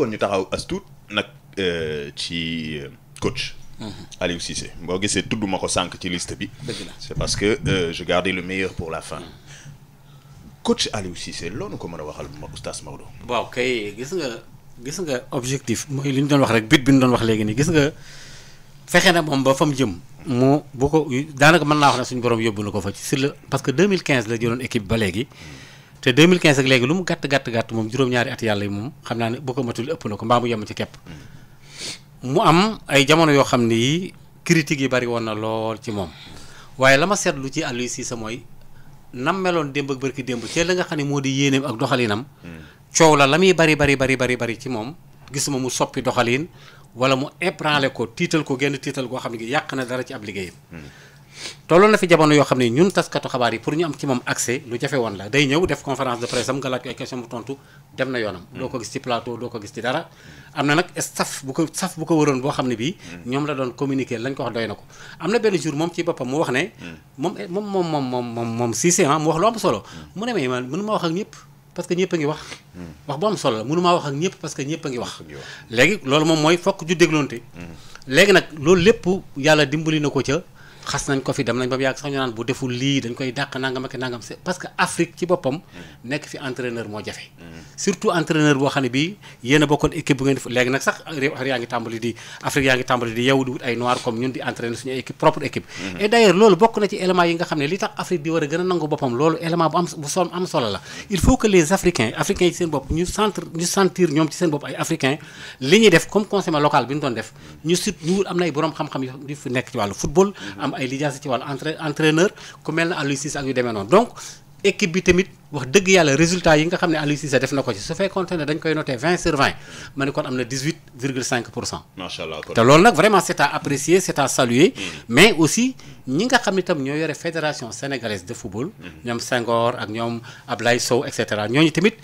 bëggoon ñu taxaw as tuut nag euh, ci euh, coach. Mhm. Aliou Cissé boo gisee tudd ma ko sànq ci liste bi. dëgg la c'est parce que euh, je gardais le meilleur pour la fin. coach Aliou Cissé loolu ko mën a waxal bu ma oustaz Maodo. waaw kay gis nga gis nga objectif mooy li ñu doon wax rek bit bi ñu doon wax léegi nii gis nga fexe na moom ba fa jëm. mu bu ko daanaka mën naa wax ne suñu borom yóbbu na ko fa ci sur le parce que 2015 la jëloon équipe ba léegi. Mm. te 2015 ak léegi lu mu gàtt gàtt gàtt moom juróom-ñaari at yàlla yi moom xam naa ne bu ko matul ëpp na ko mbaa mu yem ci képp mu am ay jamono yoo xam ne yi critiques yi bari woon na lool ci moom waaye la ma seetlu ci si sa mooy nam meloon démb ak bërki démb ci la nga xam ne moo di yéeneem ak doxaliinam coow la la muy bari bari bari bari bari ci moom gisuma mu soppi doxaliin wala mu ébranlé ko tiital ko genn tiital goo xam ne yàq na dara ci ab liggéeyam tolloon na fi jamono yoo xam ne ñun taskatu xabaar yi pour ñu am ci moom accès lu jafe woon la day ñëw def conférence de presse nga laaj ko ay question tontu dem na yoonam. Mm. doo ko gis ci plateau doo ko gis ci dara. am na nag staff bu ko staff bu ko waroon boo xam ne bii. Mm. ñoom la doon communiquer lañ ko wax doy na ko. am na benn jour moom ci boppam mu wax ne. Mm. moom moom moom moom moom moom Cissé ah mu wax lu am solo. mu ne ma mënu ma wax ak ñëpp parce que a ngi parce que ñëpp a ngi wax. léegi loolu moom mooy fokk ju dégloonte. léegi nag loolu lépp yàlla dimbali na ko ca xas nañ ko fi dem nañ ba mu yàgg sax ñu naan bu deful lii dañ koy dàq nangam ak nangam parce que Afrique ci boppam. nekk fi entraîneur moo jafe. surtout entraîneur boo xam ne bii yéen a bokkoon équipe bu ngeen def léegi nag sax réew yaa ngi tàmbali di Afrique yaa ngi tàmbali di yow di wut ay noir comme ñun di entraîner suñu équipe propre équipe. Mhm. et d'ailleurs loolu bokk na ci éléments yi nga xam ne li tax Afrique di war a gën a nangu boppam ay lijaasa ci wàllu entra entraîneur ku mel ne Aliou ak yu demee noonu donc équipe bi tamit wax dëgg yàlla résultat yi nga xam ne Aliou Cissé def na ko ci su fekkoonte ne dañ koy noté 20 sur 20 ma ne kon am na 18 virgule 5 pour cent. macha allah te loolu nag vraiment c' apprécier c' saluer. Mm. mais aussi ñi nga xam ne itam ñoo yore fédération sénégalaise de football. Mm. ñoom Senghor ak ñoom Ablaye Sow et ñooñu tamit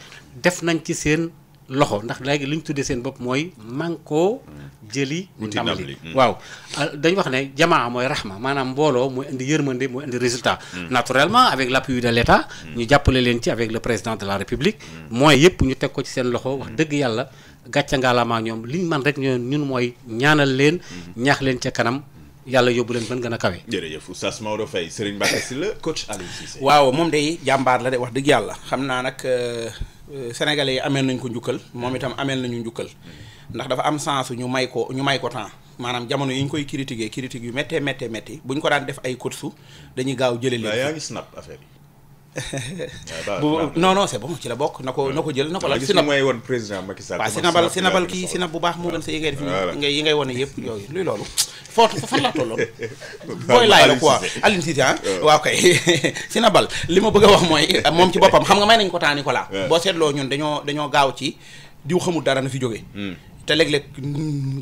def nañ ci seen loxo ndax léegi li ñu tuddee seen bopp mooy manko mm. jëli ndam li mm. waaw euh, dañu wax ne jamaa mooy raxma maanaam mbooloo mooy indi yërmande mooy indi résultat mm. naturellement avec l'appui de l'État mm. ñu jàppale leen ci avec le président de la République mooy yëpp ñu teg ko ci seen loxo wax dëgg yàlla gàcca ngaalamaa ñoom liñ man rek ñoon ñun mooy ñaanal leen ñaax leen ca kanam yàlla yóbbu leen fan gën a kawe. jërëjëf Oustaz Maodo Faye Serigne Mbacké Sylla coach Aliou Cissé. waaw moom day jàmbaar la de wax dëgg yàlla xam naa nag euh, euh, sénégalais yi ameel nañ ko njukkal moom itam ameel nañu njukkal ndax dafa am sens ñu may ko ñu may ko temps maanaam jamono yi ñu koy critiquer critique yu méttee méttee métti bu ñu ko daan def ay coach dañuy gaaw jëlee leen. yaa ngi snap affaire non non c'est bon ci la bokk na ko na ko jël na ko la si na mooy woon président Macky Sall waaw si na bal si na bal kii si na bu baax moo gën sa yi ngay def nii yi ngay wane yëpp yooyu luy loolu foofu fan laa tolloon booy laay la quoi Aline Cissé ah waaw kay si na bal li ma bëgg a wax mooy moom ci boppam xam nga may nañ ko temps Nicolas boo seetloo ñun dañoo dañoo gaaw ci diw xamul dara na fi jógee hmm. te léeg-léeg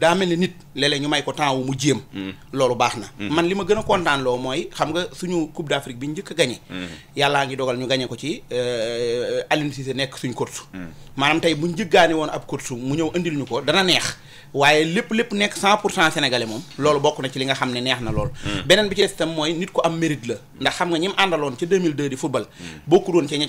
daa mel ni nit léeg ñu may ko temps mu jéem. Hmm. loolu baax na. Hmm. man li ma gën a kontaan loo mooy xam nga suñu Coupe d'Afrique bi njëkk a gagné. Hmm. yàllaa ngi dogal ñu gagné ko ci euh, Aliou Cissé nekk suñ coach. maanaam tey buñ jëggaane woon ab coach mu ñëw indil ñu ko dana neex. waaye lépp lépp nekk 100 pour cent sénégalais moom loolu bokk na ci li nga xam ne neex na lool hmm. beneen bi ci des itam mooy nit ku am mérite la ndax xam nga ñi àndaloon ca 2002 di football hmm. bokkul woon hmm. ci ñi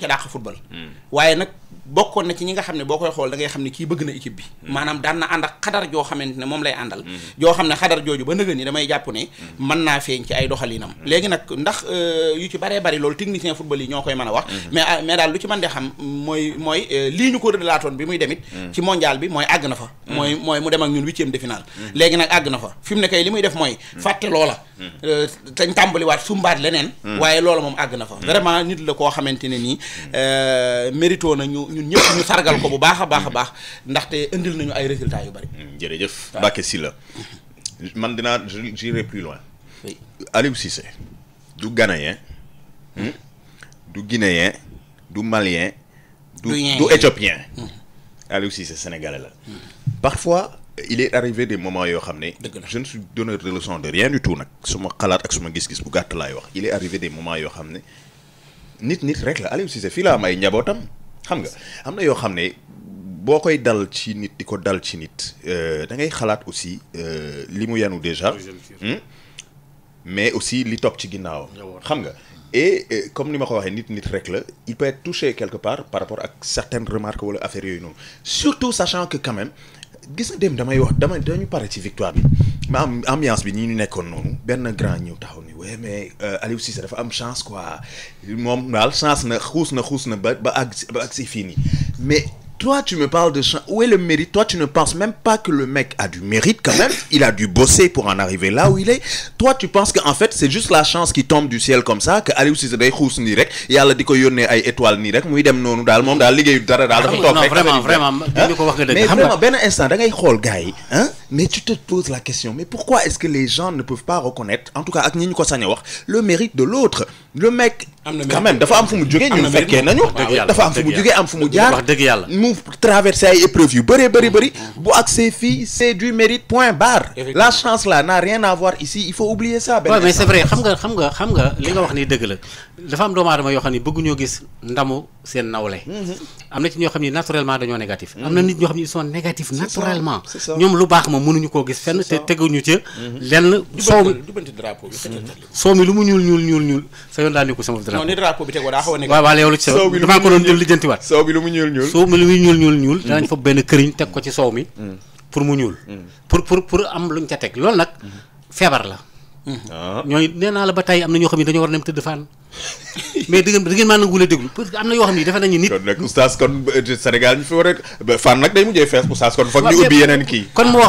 nga xam ne boo koy xool da ngay xam ne kii bëgg na équipe bi maanaam daan na ànd ak xadar joo xamante ne moom lay àndal joo xam ne xadar jooju ba nëgën ni damay jàpp ne mën naa feeñ ci ay doxalinam léegi nag ndax euh, yu ci baree bari loolu a ñun huitième de finale léegi nag àgg na fa fi mu ne li muy def mooy fàtte loola tañ euh, tàmbaliwaat sumbaat leneen waaye loola moom àgg na fa vraiment nit la koo xamante ne nii euh, mérito na ñu ñun ñëpp ñu ko bu a baax a baax ndaxte indil nañu ay résultats yu bari mm, jërëjëf si la man dinaa j'irai plus loin Aliou Cissé du ghanéen hmm? du guinéen du malien du du éthiopien mm. Aliou Cissé sénégalais la il est arrivé des moments yoo xam ne. je ne suis donneur de leçon de rien du tout nag. suma xalaat ak suma gis-gis bu gàtt wax. il est arrivé des moments yoo xam ne nit nit rek la Aliou fii la am ay njabootam xam nga am na yoo xam ne boo koy dal ci nit di ko dal ci nit euh, da ngay xalaat aussi euh, li mu yanu déjà. Hmm? mais aussi li topp ci ginnaawam. xam nga. et euh, comme ni ma ko waxee nit nit rek la il peut être touché quelque part par rapport ak certaines remarques wala affaires yooyu noonu surtout sachant que quand même gis nga dem damay wax dama dañu pare ci victoire bi ma am ambiance bi ñi ñu nekkoon noonu benn grand ñëw taxaw ni waaye mais euh, Aliou Cissé dafa am chance quoi moom daal chance na xuus na xuus na ba ba àgg si fii nii mais. Toi, tu me parles de ça. Où est le mérite Toi, tu ne penses même pas que le mec a du mérite quand même. Il a dû bosser pour en arriver là où il est. Toi, tu penses qu'en fait, c'est juste la chance qui tombe du ciel comme ça. Que Aliou Cissé day xuus nii rek yàlla di o yónnee ay étoiles nii rek muy dem noonu daal moom daal liggéeyu dara daal dafa toog rek. non mais vraiment benn instant da ngay xool gars yi mais tu te poses la question mais pourquoi est-ce que les gens ne peuvent pas reconnaître en tout cas ak ñi ñu ko sañ wax le mérite de l'autre le mec quand même dafa am fu mu jógee ñun fekkee nañu dafa am fu mu jógee am fu mu jaar mu traversé ay épreuves yu bëree bëri bëri mm. bu ak ses filles c'est du mérite point barre la chance la n'a rien à voir ici il faut oublier ça ben mais c'est vrai xam nga xam nga xam nga li nga wax ni dëgg la dafa am doomu aadama yoo xam ne gis ndamu seen nawle. Mhm. am na ci ñoo xam ne naturellement dañoo négatif. am na mhm. nit ñoo xam ne ils sont naturellement. ñoom lu baax ma mënuñu koo gis fenn te teguñu ca. Mhm. lenn soow mi lu mu ñuul ñuul ñuul ñuul sa yoon daal nekkul sama drapeau. non ni drapeau bi tegoo daa a benn këriñ teg ko ci soow mi. pour mu ñuul. pour pour pour am luñ ca teg loolu nag feebar la. ñooy nee naa la ba tey am na ñoo xam ne dañoo war a dem tëdd faan mais dëgg da ngeen maa nangu la déglu parce que am na yoo xam ne defe nañu nit. kon nag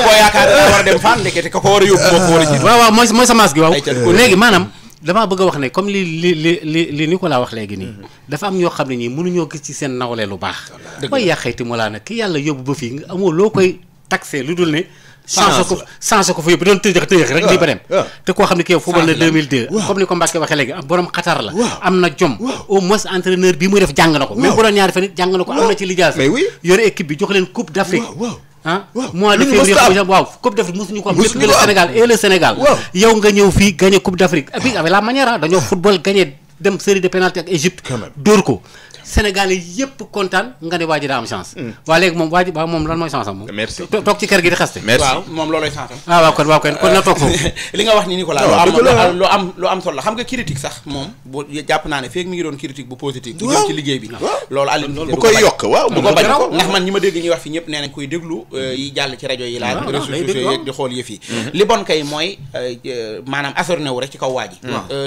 ko yaakaar dem fan ndekete ka ko war a yóbbu moo ko war a jiitu waaw waaw mooy mooy semence gi waaw léegi maanaam damaa bëgg a wax ne comme li li li li li Nicolas wax léegi nii. Mhm. dafa am ñoo xam ne ñii mënuñoo gis ci seen nawle lu baax. dëgg la yàqeeti laa nag ki yàlla yóbbu ba fii nga amoo loo koy taxé lu dul ne. changé ko changé ko fa yóbbu doon tëjëx tëjëx rek lii ba dem te koo xam ne kii football na 2002 comme ni ko Mbacke waxee léegi borom xatar la am na jom au moins entraîneur bi muy def jàng na ko même bu doon ñaari fan it jàng na ko am na ci lijaas yore équipe jox leen coupe ah mois de février waaw coupe d'Afrique mosuñu ko am lépp le Sénégal et le Sénégal yow nga ñëw fii gagné coupe d'Afrique et puis avec la manière dañoo football gagné dem série de pénalty ak Égypte dóor ko Sénégalais yëpp kontaan nga ne waa ji daa am chance. Hmm. waa léegi moom waa ji waaw moom lan mooy chance am moom. merci toog ci kër gi di xaste. merci waaw moom loolooy chance am. ah waaw kon waaw kon kon na toog foofu. li nga wax ni Nicolas ah, lu am lu am solo la xam nga critique sax moom bu jàpp naa ne feeg mi ngi doon critique bu positif. bu jëm ci liggéey bi. loolu Alioune bu koy yokk waaw bu ko bañ ko ndax man ñi ma dégg ñuy wax fi ñëpp nee nañ koy déglu euh, hmm. yi jàll ci rajo yi laaj ah, réseaux sociaux yeeg di xool yëf yi hmm. li bon kay mooy euh, euh, maanaam assorné wu rek ci kaw waa ji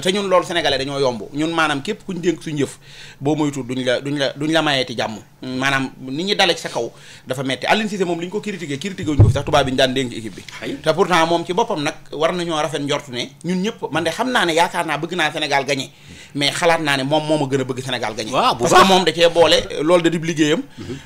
te ñun loolu sénégalais dañoo yomb ñun maanaam képp kuñ dénk suñ yëf boo moytu duñ la duñ la duñ la mayeeti jàmm maanaam nit ñi dale ci sa kaw dafa metti Aliou Cissé moom li ñu ko critiqué critiqué wuñu ko fi sax tubaab bi ñu daan dénk équipe bi te pourtant moom ci boppam nag war nañoo rafet njortu ne ñun ñëpp man de xam naa ne yaakaar naa bëgg naa Sénégal gagné mais xalaat naa ne moom moom a gën a bëgg Sénégal gagné parce que moom da cee boole loolu da dib liggéeyam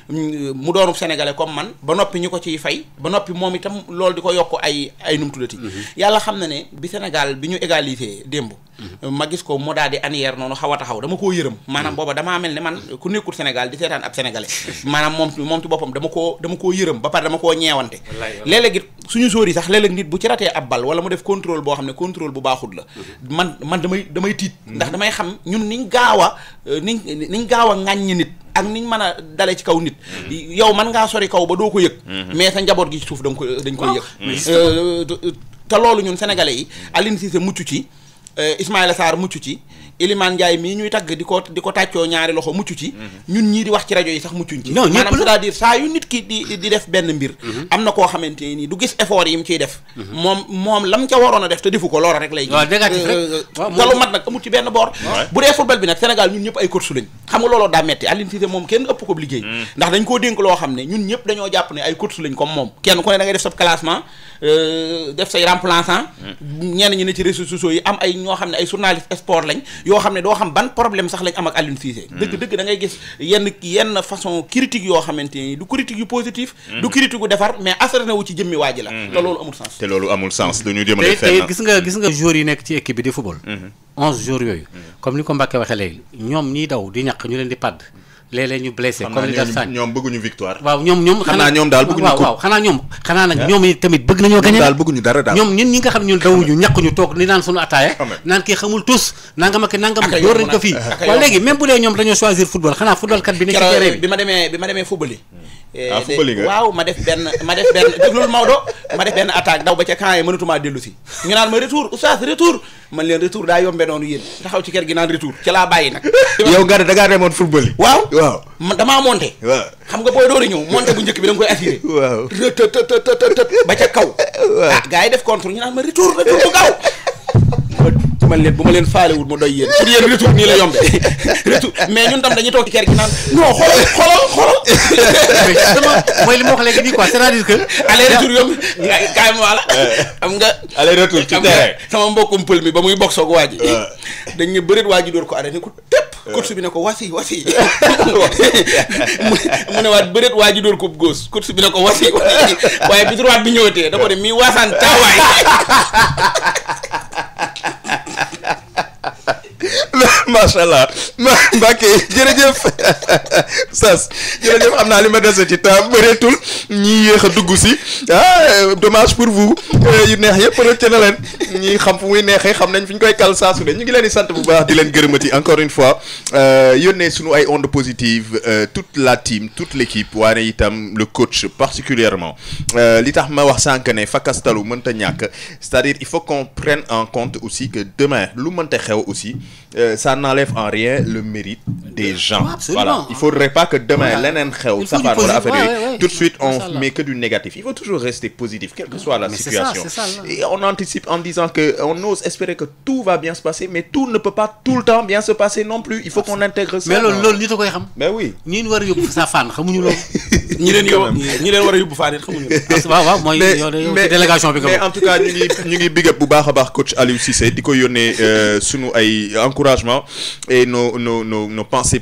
mhm. mu doonub sénégalais comme man ba noppi ñu ko ciy fay ba noppi moom itam loolu di ko yokk ay ay numtudati mhm. yàlla xam na ne bi Sénégal bi ñu égalisé démb Mm-hmm. ma gis ko mu daal di anière noonu xaw a taxaw dama koo yërëm mm-hmm. maanaam booba dama mel ne man ku nekkul Sénégal di seetaan ab sénégalais maanaam moom moom ci boppam dama koo dama koo yërëm ba pare dama koo ñeewante léeg-léeg it suñu sóor yi sax léeg nit bu ci ratee ab bal wala mu def contrôle boo xam ne contrôle bu baaxul la mm-hmm. man man damay damay tiit ndax damay xam ñun niñ gaaw a euh, niñ niñ gaaw a ŋàññi nit ak niñ mën a dale ci kaw nit yow man ngaa sori kaw ba doo ko yëg mais sa njaboot gi suuf dañ ko dañ koy yëg euh, te loolu ñun sénégalais yi Aliou mucc ci Euh, Ismaïla Sarr mucc ci Iliman Ndiaye mii ñuy tagg di ko di ko tàccoo ñaari loxo mucc ci mm-hmm. ñun ñii di wax ci rajo yi sax muccuñ ci maanaam cest à saa yu nit ki di di def benn mbir mm-hmm. am na koo xamante nii du gis effort yi mu ciy def mm-hmm. moom moom lam ca waroon a def te defu ko loola rek lay gis galu euh, euh, mat bu dee football bi nag Sénégal ñun ñëpp ay coach lañ xam nga looloo daa metti Aliou moom kenn ëpp ko liggéey mm. ndax dañ koo dénk loo xam ne ñun ñëpp dañoo jàpp ne ay coach lañ comme moom kenn ku ne da def sa classement def say remplaçant mm. ñenn ne ci réseaux sociaux ñoo xam ne ay journaliste sport lañ yoo xam ne doo xam ban problème sax lañ am ak Aliou Cissé hmm. dëgg dëgg da ngay gis yenn yenn façon critique yoo xamante ni du critique yu positif hmm. du critique yu defar mais asarana wu ci jëmmi waa ji la hmm. te loolu amul sens te loolu amul sens du ñu jëmale fenn gis nga gis nga joueurs yi nekk ci équipe bi di football onze joueurs yooyu comme ni ko Mbacké waxee léegi ñoom ñiy daw di ñaq ñu leen di padd léeg-léeg ñu blessé comme li dal sànq ñoom bëgguñu victoire waaw ñoom ñoom xanaa ñoom daal bëgguñu waaw tamit bëgg nañoo gagné daal bëgguñu dara daal ñoom ñun ñi nga xam ne ñun dawuñu ñàkkuñu toog ni naan suñu attaaya naan kii xamul tous nangam ak nangam door nañ ko fii waaw léegi même bu dee ñoom dañoo choisir football xanaa football kat bi ne ci terrain bi bi ma demee bi ma demee football yi hmm. Eh, ah, waaw ma def benn ma def benn déglul Maodo ma def benn attaque daw ba ca camp yi mënatumaa dellu si ñu naan ma retour oustaz retour man leen retour daa yombe noonu yéen taxaw ci kër gi naan retour ci laa bàyyi nag yow nga ne da ngaa demoon football yi waaw waaw damaa monté waaw xam nga booy doori ñëw monté bu njëkk bi da nga koy assuré waaw të të të ba ca kaw ah gars yi def contre ñu naan ma retour retour bu gaaw ba leen bu ma leen faalewul mu doy yéen pour nii la yombe retour mais ñun tam dañuy toog ci kër gi naan non xoolal xoolal xoolal mooy li ma wax léegi nii quoi c'est-à-dire que aller retour yomb kaay am nga aller retour ci terrain sama mbokkum pël mi ba muy bokk soog waa ji dañ ne bëreet waa ji ko arrêté ni ko tépp course bi ne ko wasi wasi mu ne waat bëreet waa ji door ko góos course bi ne ko wasi wasi waaye bi droite bi ñëwatee da ko ne mii waasaan taawaay macha allah Mbacke jërëjëf sas jërëjëf am naa li ma dese ci temps bëreetul ñiy yéex a dugg si ah dommage pour vous euh, yu neex yëpp rëcc na leen ñi xam fu muy neexee xam nañ fi ñu koy kal saa su ne ñu ngi leen di sant bu baax di leen gërëmati encore une fois euh, yónnee suñu ay ondes positives euh, toute la team toute l'équipe waane itam le coach particulièrement li tax ma wax sànq ne fakastalu mënta ñàkk c'est-à-dire il faut qu'on prenne en compte aussi que demain lu mënta xew aussi ça n'enlève le mérite des gens. voilà il faudrait pas que demain leneen xew. safar wala affaire yooyu tout de suite. on que du négatif. Il faut toujours rester positif, quelle que soit la situation. on anticipe en disant que on ose espérer que tout va bien se passer, mais tout ne peut pas tout le temps bien se passer non plus. Il faut qu'on intègre a koy xam. mais oui sa fan xamuñu loolu. ñi leen yóbbu ñi leen war a yóbbu fan it xamuñu loolu. waaw ah, waaw mooy délégation bi nga mais en tout cas ñu ngi ñu ngi big up bu baax a baax coach Aliou Cissé di ko yónnee euh, sunu ay encouragement et nos nos nos nos pensées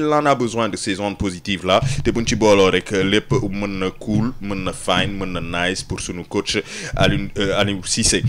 il a besoin de saison ondes là te buñ ci booloo rek lépp mën na cool mën na fine mën na nice pour sunu coach Aliou euh, Aliou Cissé